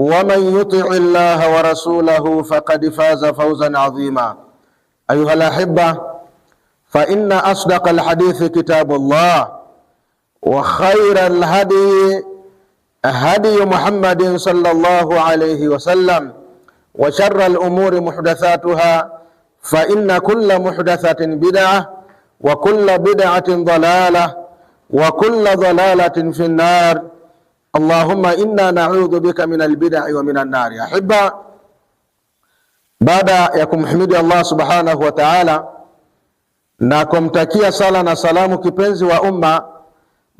ومن يطع الله ورسوله فقد فاز فوزا عظيما أيها الأحبة فإن أصدق الحديث كتاب الله وخير الهدي هدي محمد صلى الله عليه وسلم وشر الأمور محدثاتها فإن كل محدثة بدعة وكل بدعة ضلالة وكل ضلالة في النار Allahumma inna naudhu bika min albidai wa min annari. Ahiba, baada ya kumhimidi Allah subhanahu wa ta'ala na kumtakia sala na salamu kipenzi wa umma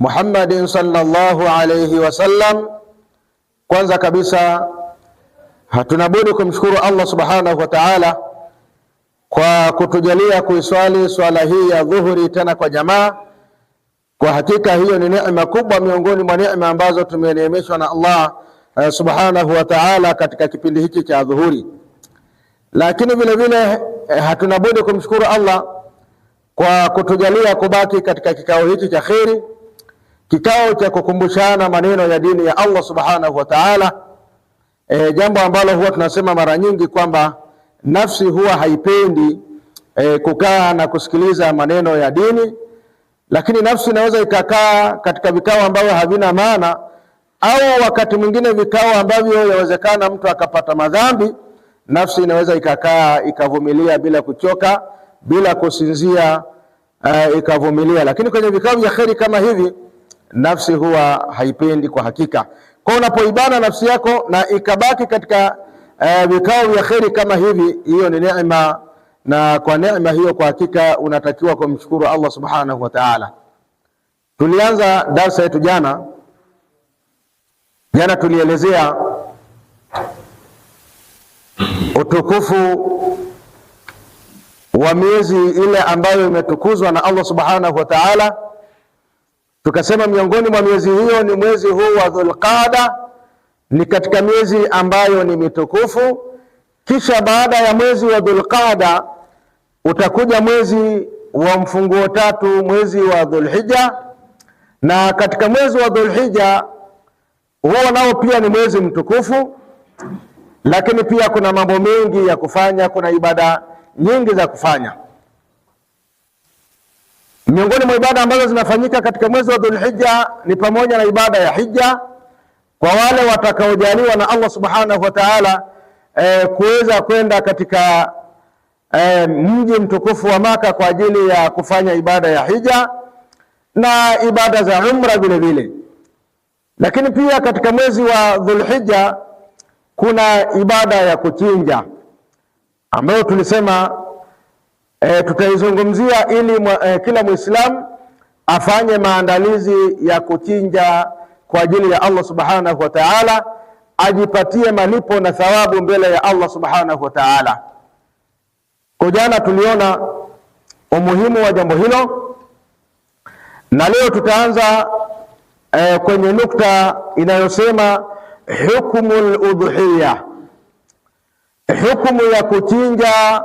Muhammadin sallallahu alayhi wasallam, kwanza kabisa hatuna budi kumshukuru Allah subhanahu wa ta'ala kwa kutujalia kuiswali swala hii ya dhuhuri tena kwa jamaa kwa hakika hiyo ni neema kubwa miongoni mwa neema ambazo tumeneemeshwa na Allah uh, subhanahu wa ta'ala katika kipindi hiki cha dhuhuri. Lakini vile vile eh, hatuna budi kumshukuru Allah kwa kutujalia kubaki katika kikao hiki cha kheri, kikao cha kukumbushana maneno ya dini ya Allah subhanahu wa ta'ala. E, jambo ambalo huwa tunasema mara nyingi kwamba nafsi huwa haipendi e, kukaa na kusikiliza maneno ya dini lakini nafsi inaweza ikakaa katika vikao ambavyo havina maana, au wakati mwingine vikao ambavyo yawezekana mtu akapata madhambi. Nafsi inaweza ikakaa ikavumilia bila kuchoka, bila kusinzia, uh, ikavumilia. Lakini kwenye vikao vya kheri kama hivi nafsi huwa haipendi kwa hakika. Kwa unapoibana nafsi yako na ikabaki katika uh, vikao vya kheri kama hivi, hiyo ni neema na kwa neema hiyo, kwa hakika unatakiwa kumshukuru Allah subhanahu wa ta'ala. Tulianza darsa yetu jana jana, tulielezea utukufu wa miezi ile ambayo imetukuzwa na Allah subhanahu wa ta'ala. Tukasema miongoni mwa miezi hiyo ni mwezi huu wa Dhulqaada, ni katika miezi ambayo ni mitukufu. Kisha baada ya mwezi wa Dhulqaada Utakuja mwezi wa mfunguo tatu, mwezi wa Dhulhija, na katika mwezi wa Dhulhija huo nao pia ni mwezi mtukufu, lakini pia kuna mambo mengi ya kufanya, kuna ibada nyingi za kufanya. Miongoni mwa ibada ambazo zinafanyika katika mwezi wa Dhulhija ni pamoja na ibada ya hija kwa wale watakaojaliwa na Allah subhanahu wa ta'ala, eh, kuweza kwenda katika e, mji mtukufu wa Maka kwa ajili ya kufanya ibada ya hija na ibada za umra vile vile. Lakini pia katika mwezi wa Dhulhija kuna ibada ya kuchinja ambayo tulisema e, tutaizungumzia ili mwa, e, kila Muislamu afanye maandalizi ya kuchinja kwa ajili ya Allah Subhanahu wa Ta'ala, ajipatie malipo na thawabu mbele ya Allah Subhanahu wa Ta'ala. Kwa jana tuliona umuhimu wa jambo hilo, na leo tutaanza eh, kwenye nukta inayosema hukumu udhiya, hukumu ya kuchinja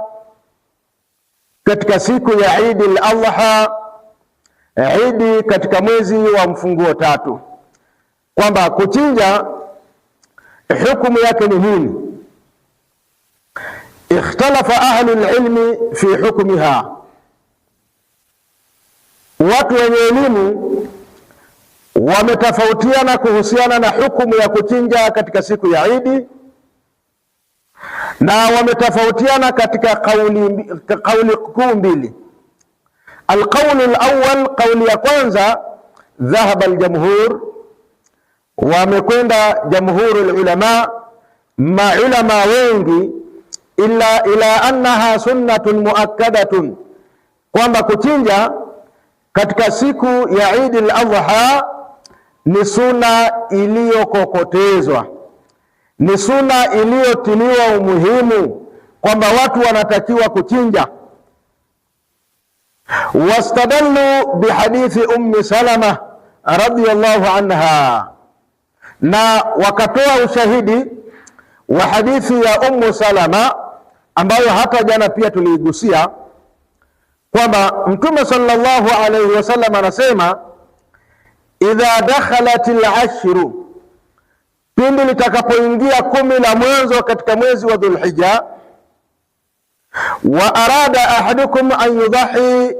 katika siku ya Idi al-Adha, Idi katika mwezi wa mfunguo tatu, kwamba kuchinja hukumu yake ni nini? Ikhtalafa ahlu lilmi fi hukmiha, watu wenye elimu wametofautiana kuhusiana na hukumu ya kuchinja katika siku ya Idi, na wametofautiana katika kauli, kauli kuu mbili. Alqaulu lawal, kauli ya kwanza, dhahaba aljamhur, wamekwenda jamhuru lulama, maulama wengi illa ila annaha sunnatun muakkadatun, kwamba kuchinja katika siku ya Eid al-Adha ni suna iliyokokotezwa, ni suna iliyotiliwa umuhimu, kwamba watu wanatakiwa kuchinja. Wastadallu bihadithi Ummi Salama radhiyallahu anha, na wakatoa ushahidi wa hadithi ya Ummu Salama ambayo hapa jana pia tuliigusia kwamba Mtume sallallahu alaihi wasallam anasema idha dakhalat al pindi litakapoingia kumi la mwanzo katika mwezi wa Dhulhijja, wa arada ahadukum an yudhahi,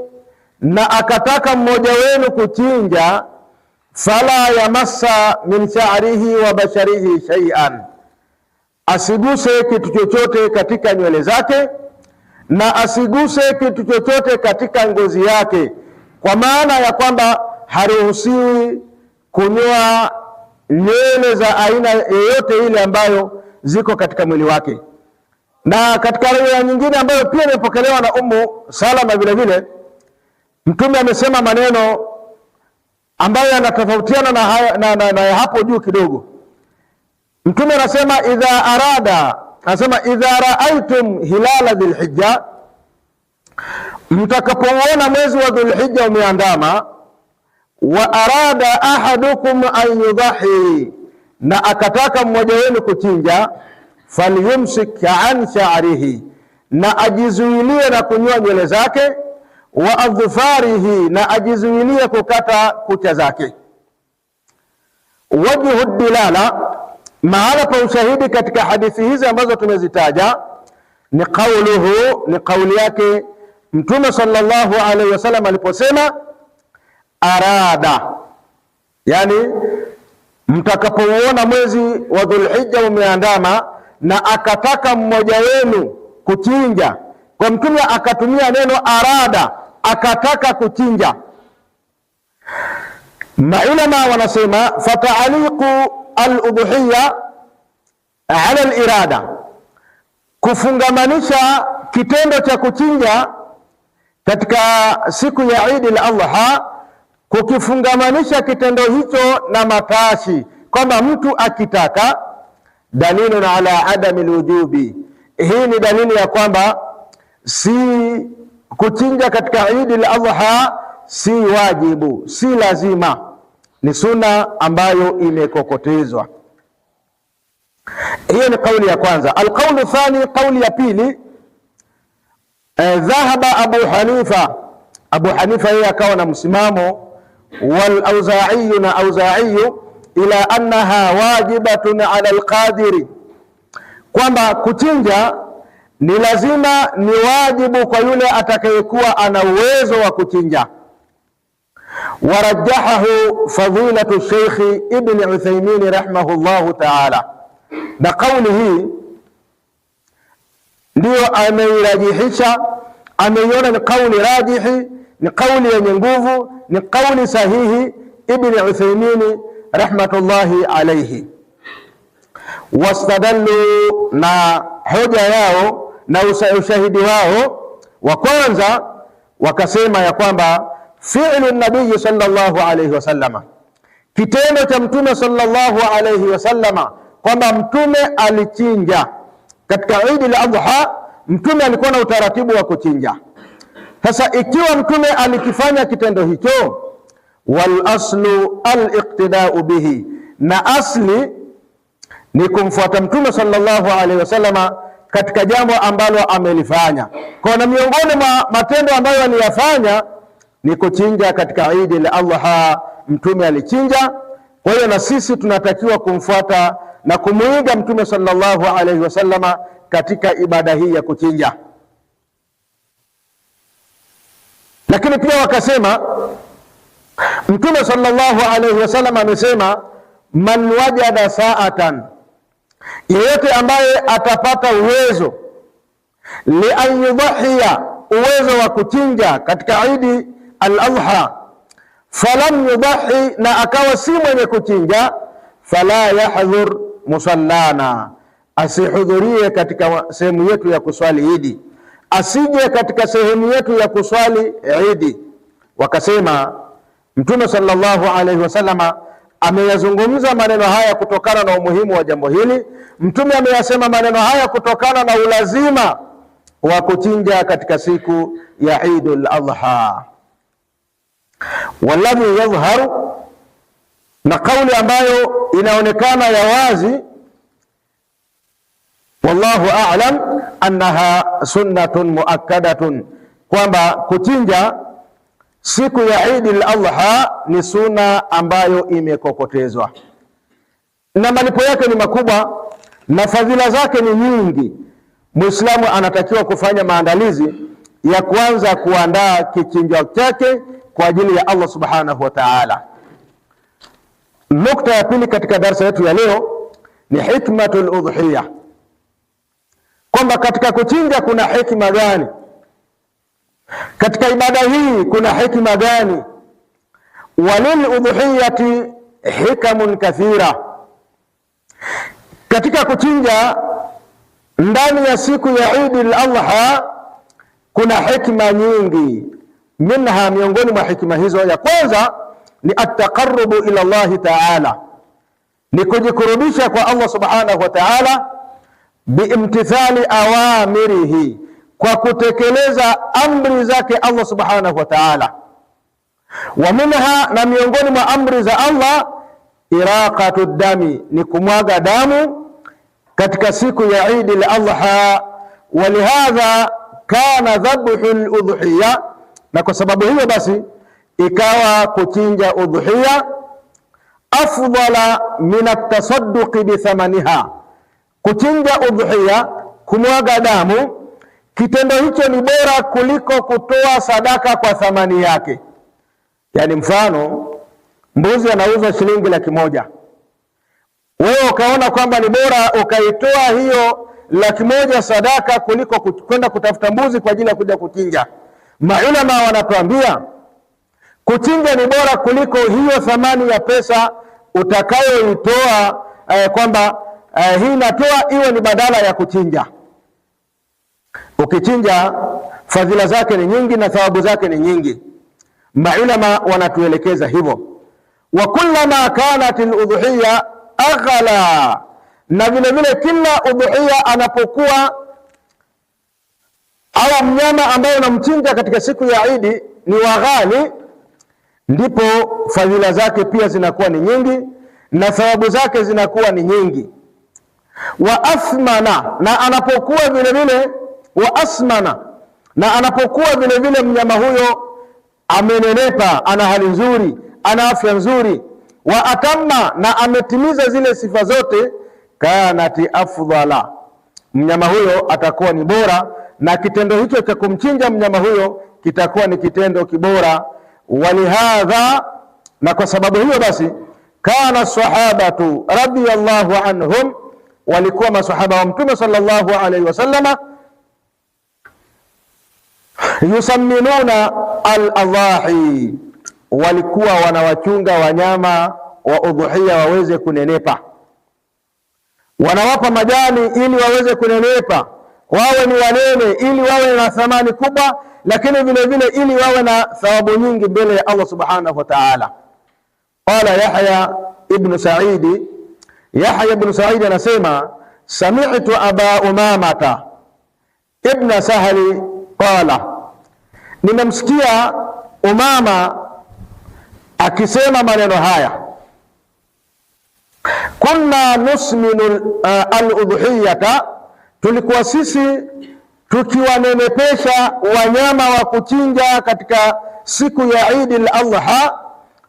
na akataka mmoja wenu kuchinja, fala yamassa min sha'rihi wa basharihi shay'an asiguse kitu chochote katika nywele zake na asiguse kitu chochote katika ngozi yake, kwa maana ya kwamba haruhusiwi kunyoa nywele za aina yoyote ile ambayo ziko katika mwili wake. Na katika riwaya nyingine ambayo pia imepokelewa na Ummu Salama vile vile, Mtume amesema maneno ambayo yanatofautiana na, na, na, na hapo juu kidogo Mtume anasema idha arada, anasema idha raaitum hilala dhilhijja, mtakapouona mwezi wa dhulhijja umeandama. Wa arada ahadukum an yudhahi, na akataka mmoja wenu kuchinja. Falyumsik an sha'rihi, na ajizuilie na kunywa nywele zake. Wa adhfarihi, na ajizuilie kukata kucha zake. Wajhu dilala Mahala pa ushahidi katika hadithi hizi ambazo tumezitaja ni kauluhu, ni kauli yake Mtume sallallahu alaihi wasallam aliposema arada, yani mtakapouona mwezi wa Dhulhijja umeandama na akataka mmoja wenu kuchinja. Kwa Mtume akatumia neno arada, akataka kuchinja. Maulama wanasema fataaliku al-udhiya ala al-irada, kufungamanisha kitendo cha kuchinja katika siku ya Eid al-Adha, kukifungamanisha kitendo hicho na matashi, kwamba mtu akitaka. Dalilun ala adami alwujubi, hii ni dalili ya kwamba si kuchinja katika Eid al-Adha si wajibu, si lazima ni sunna ambayo imekokotezwa. Hiyo ni kauli ya kwanza. Alqaulu thani, kauli ya pili, eh, dhahaba Abu Hanifa. Abu Hanifa yeye akawa na msimamo wal Auza'i na Auza'i ila annaha wajibatun ala alqadiri, kwamba kuchinja ni lazima ni wajibu kwa yule atakayekuwa ana uwezo wa kuchinja warajahahu fadilatu Sheikhi Ibni Uthaimini llahu taala, na kauli hii ndiyo ameirajihisha, ameiona ni kauli rajihi, ni kauli yenye nguvu, ni kauli sahihi Ibni Uthaimini rahmatullahi alaihi. Wastadallu na hoja yao na ushahidi wao wa kwanza, wakasema ya kwamba fi'lu nabii sallallahu alayhi wasallama, kitendo cha mtume sallallahu alayhi wasallama, kwamba mtume alichinja katika Idi la Adha. Mtume alikuwa na utaratibu wa kuchinja. Sasa ikiwa mtume alikifanya kitendo hicho, wal aslu al iqtidau bihi, na asli ni kumfuata mtume sallallahu alaihi wasallama katika jambo ambalo amelifanya. Kwa na miongoni mwa matendo ambayo aliyafanya ni kuchinja katika Idi la Adha, mtume alichinja. Kwa hiyo na sisi tunatakiwa kumfuata na kumuiga mtume sallallahu alaihi wasallama katika ibada hii ya kuchinja. Lakini pia wakasema mtume sallallahu alaihi wasallam amesema, man wajada saatan, yeyote ambaye atapata uwezo lian uwezo wa kuchinja katika Idi al-adha, falam yudahi, na akawa si mwenye kuchinja. Fala yahdhur musallana, asihudhurie katika sehemu yetu ya kuswali idi, asije katika sehemu yetu ya kuswali idi. Wakasema Mtume sallallahu alaihi wasallama ameyazungumza maneno haya kutokana na umuhimu wa jambo hili. Mtume ameyasema maneno haya kutokana na ulazima wa kuchinja katika siku ya Eidul Adha waladhi yadhharu, na kauli ambayo inaonekana ya wazi, wallahu a'lam, annaha sunnatun muakkadatun, kwamba kuchinja siku ya Idi al-Adha ni suna ambayo imekokotezwa na malipo yake ni makubwa na fadhila zake ni nyingi. Muislamu anatakiwa kufanya maandalizi ya kuanza kuandaa kichinjwa chake kwa ajili ya Allah subhanahu wa ta'ala. Nukta ya pili katika darsa yetu ya leo ni hikmatul udhiya, kwamba katika kuchinja kuna hikma gani? Katika ibada hii kuna hikma gani? walil udhiyati hikamun kathira, katika kuchinja ndani ya siku ya Eid al-Adha kuna hikma nyingi Minha, miongoni mwa hikima hizo, ya kwanza ni ataqarubu ila llahi taala, ni kujikurubisha kwa Allah subhanahu wa taala biimtithali awamirihi, kwa kutekeleza amri zake Allah subhanahu wa taala. Wa minha, na miongoni mwa amri za Allah iraqatu dami, ni kumwaga damu katika siku ya Idi al-Adha. Walihadha kana dhabhu al-udhiya na kwa sababu hiyo basi ikawa kuchinja udhuhia afdala min atasaduqi bithamaniha, kuchinja udhuhia kumwaga damu, kitendo hicho ni bora kuliko kutoa sadaka kwa thamani yake. Yaani mfano mbuzi anauza shilingi laki moja, wewe ukaona kwamba ni bora ukaitoa hiyo laki moja sadaka kuliko kwenda kutafuta mbuzi kwa ajili ya kuja kuchinja. Maulama wanatuambia kuchinja ni bora kuliko hiyo thamani ya pesa utakayoitoa, eh, kwamba eh, hii natoa iwe ni badala ya kuchinja. Ukichinja fadhila zake ni nyingi na thawabu zake ni nyingi. Maulama wanatuelekeza hivyo, wa kullama kanat ludhuhiya aghla, na vilevile kila udhiya anapokuwa au mnyama ambaye unamchinja katika siku ya Idi ni waghali ndipo fadhila zake pia zinakuwa ni nyingi na thawabu zake zinakuwa ni nyingi. Wa athmana, na anapokuwa vile, wa asmana, na anapokuwa vilevile mnyama huyo amenenepa, ana hali nzuri, ana afya nzuri, wa atamma, na ametimiza zile sifa zote, kanati afdhala, mnyama huyo atakuwa ni bora na kitendo hicho cha kumchinja mnyama huyo kitakuwa ni kitendo kibora. Walihadha, na kwa sababu hiyo basi, kana sahabatu radhiyallahu anhum, walikuwa masahaba wa Mtume sallallahu alaihi wasallama yusamminuna al-adhahi, walikuwa wanawachunga wanyama wa udhuhia waweze kunenepa, wanawapa majani ili waweze kunenepa wawe ni wanene ili wawe na thamani kubwa, lakini vile vile ili wawe na thawabu nyingi mbele ya Allah subhanahu wa ta'ala. Qala Yahya ibn Sa'id, Yahya ibn Sa'id anasema sami'tu aba umamata ibn sahli qala, nimemsikia Umama akisema maneno haya, kunna nusminu al-udhiyata Tulikuwa sisi tukiwanenepesha wanyama wa kuchinja katika siku ya Idi al-Adha,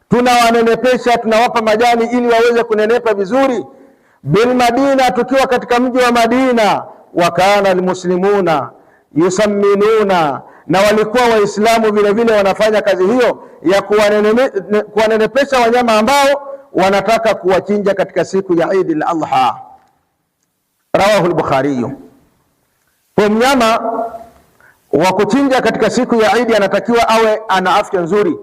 tunawanenepesha tunawapa majani ili waweze kunenepa vizuri. Bilmadina, tukiwa katika mji wa Madina, wakana almuslimuna yusamminuna, na walikuwa Waislamu vile vile wanafanya kazi hiyo ya kuwanenepesha wanyama ambao wanataka kuwachinja katika siku ya Idi al-Adha. Rawahu al-Bukhari. Kwa mnyama wa kuchinja katika siku ya Idi anatakiwa awe ana afya nzuri.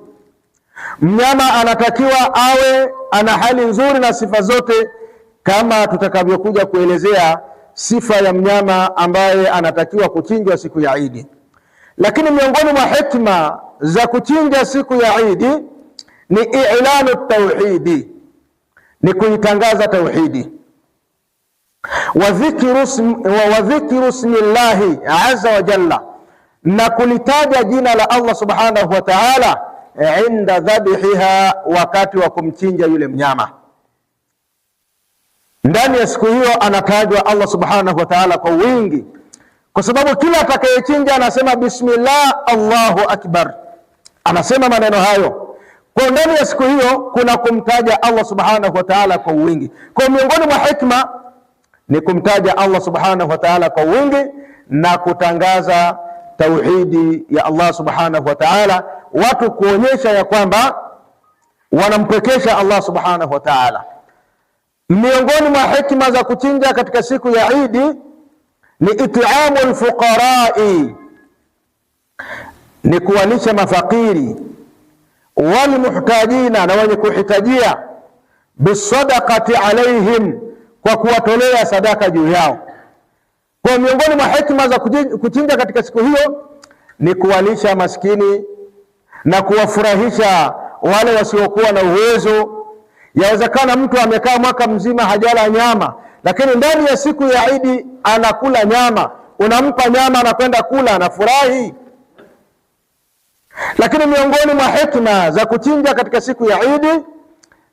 Mnyama anatakiwa awe ana hali nzuri na sifa zote, kama tutakavyokuja kuelezea sifa ya mnyama ambaye anatakiwa kuchinjwa siku ya Idi. Lakini miongoni mwa hikma za kuchinja siku ya Idi ni i'lanu tauhidi, ni kuitangaza tauhidi wadhikiru smi llahi azza wa jalla, na kulitaja jina la Allah subhanahu wa ta'ala, eh, inda dhabihiha wakati wa kumchinja yule mnyama. Ndani ya siku hiyo anatajwa Allah subhanahu wa ta'ala kwa wingi, kwa sababu kila atakayechinja anasema bismillah, Allahu akbar, anasema maneno hayo kwa ndani ya siku hiyo kuna kumtaja Allah subhanahu wa ta'ala kwa wingi. Kwa miongoni mwa hikma ni kumtaja Allah subhanahu wa ta'ala kwa wingi na kutangaza tauhidi ya Allah subhanahu wa ta'ala, watu kuonyesha ya kwamba wanampwekesha Allah subhanahu wa ta'ala. Miongoni mwa hikma za kuchinja katika siku ya Idi ni itiamu lfuqarai ni kuwalisha mafakiri walmuhtajina, na wenye kuhitajia, bisadaqati alaihim kwa kuwatolea sadaka juu yao. Kwa miongoni mwa hekima za kuchinja katika siku hiyo ni kuwalisha maskini na kuwafurahisha wale wasiokuwa na uwezo. Yawezekana mtu amekaa mwaka mzima hajala nyama, lakini ndani ya siku ya Idi anakula nyama, unampa nyama, anakwenda kula, anafurahi. Lakini miongoni mwa hekima za kuchinja katika siku ya Idi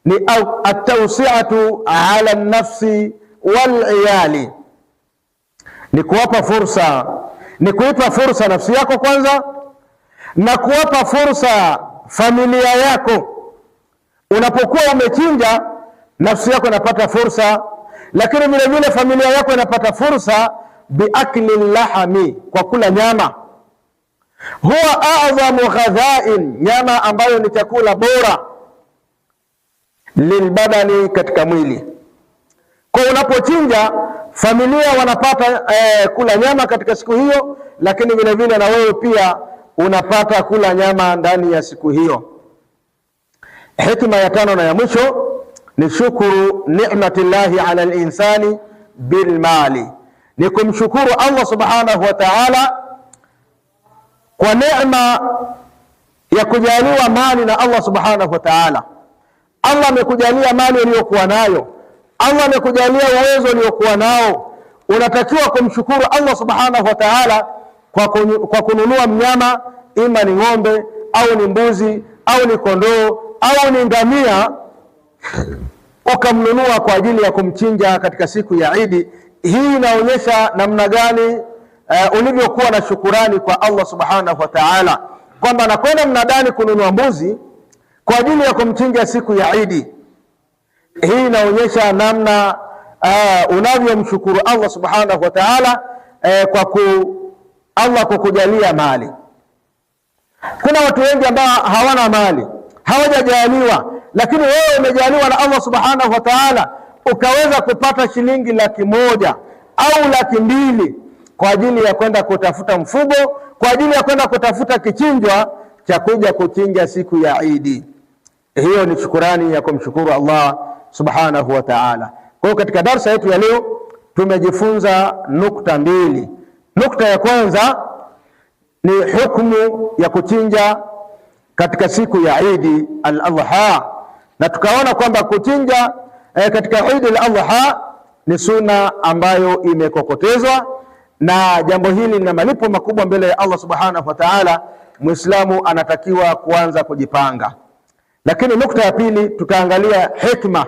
ni atawsiatu ala nafsi waliyali, ni kuwapa fursa, ni kuipa fursa nafsi yako kwanza, na kuwapa fursa familia yako. Unapokuwa umechinja, nafsi yako inapata fursa, lakini vile vile familia yako inapata fursa biakli lahami, kwa kula nyama. Huwa adhamu ghadhain, nyama ambayo ni chakula bora lilbadani, katika mwili. Kwa unapochinja familia wanapata eh, kula nyama katika siku hiyo, lakini vilevile na wewe pia unapata kula nyama ndani ya siku hiyo. Hikma ya tano na ya mwisho ni shukuru ni'matillahi ala linsani bilmali, ni kumshukuru Allah subhanahu wa ta'ala kwa neema ya kujaliwa mali na Allah subhanahu wa ta'ala. Allah amekujalia mali uliyokuwa nayo, Allah amekujalia uwezo uliokuwa nao, unatakiwa kumshukuru Allah subhanahu wa ta'ala kwa, kwa kununua mnyama, ima ni ng'ombe au ni mbuzi au ni kondoo au ni ngamia, ukamnunua kwa ajili ya kumchinja katika siku ya Idi. Hii inaonyesha namna gani uh, ulivyokuwa na shukurani kwa Allah subhanahu wa ta'ala, kwamba nakwenda mnadani kununua mbuzi kwa ajili ya kumchinja siku ya Idi. Hii inaonyesha namna uh, unavyomshukuru Allah subhanahu wa ta'ala, eh, kwa ku Allah kukujalia mali. Kuna watu wengi ambao hawana mali, hawajajaliwa, lakini wewe umejaliwa na Allah subhanahu wa ta'ala ukaweza kupata shilingi laki moja au laki mbili kwa ajili ya kwenda kutafuta mfugo, kwa ajili ya kwenda kutafuta kichinjwa cha kuja kuchinja siku ya Idi. Hiyo ni shukurani ya kumshukuru Allah subhanahu wa ta'ala. Kwa hiyo katika darsa yetu ya leo tumejifunza nukta mbili. Nukta ya kwanza ni hukumu ya kuchinja katika siku ya Idi al-Adha, na tukaona kwamba kuchinja eh, katika Idi al-Adha ni suna ambayo imekokotezwa, na jambo hili lina malipo makubwa mbele ya Allah subhanahu wa ta'ala. Muislamu anatakiwa kuanza kujipanga lakini nukta ya pili tukaangalia hikma,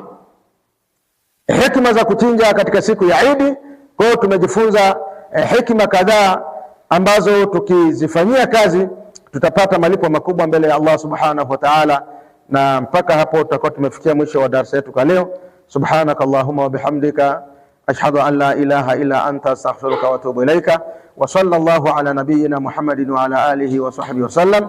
hikma za kuchinja katika siku ya Idi. Kwa hiyo tumejifunza eh, hikma kadhaa ambazo tukizifanyia kazi tutapata malipo makubwa mbele ya Allah subhanahu wa ta'ala. Na mpaka hapo tutakuwa tumefikia mwisho wa darasa yetu kwa leo. Subhanaka Allahumma wa bihamdika ashhadu an la ilaha illa anta astaghfiruka wa atubu ilaika wa sallallahu ala nabiyyina Muhammadin wa ala alihi wa sahbihi wa sallam.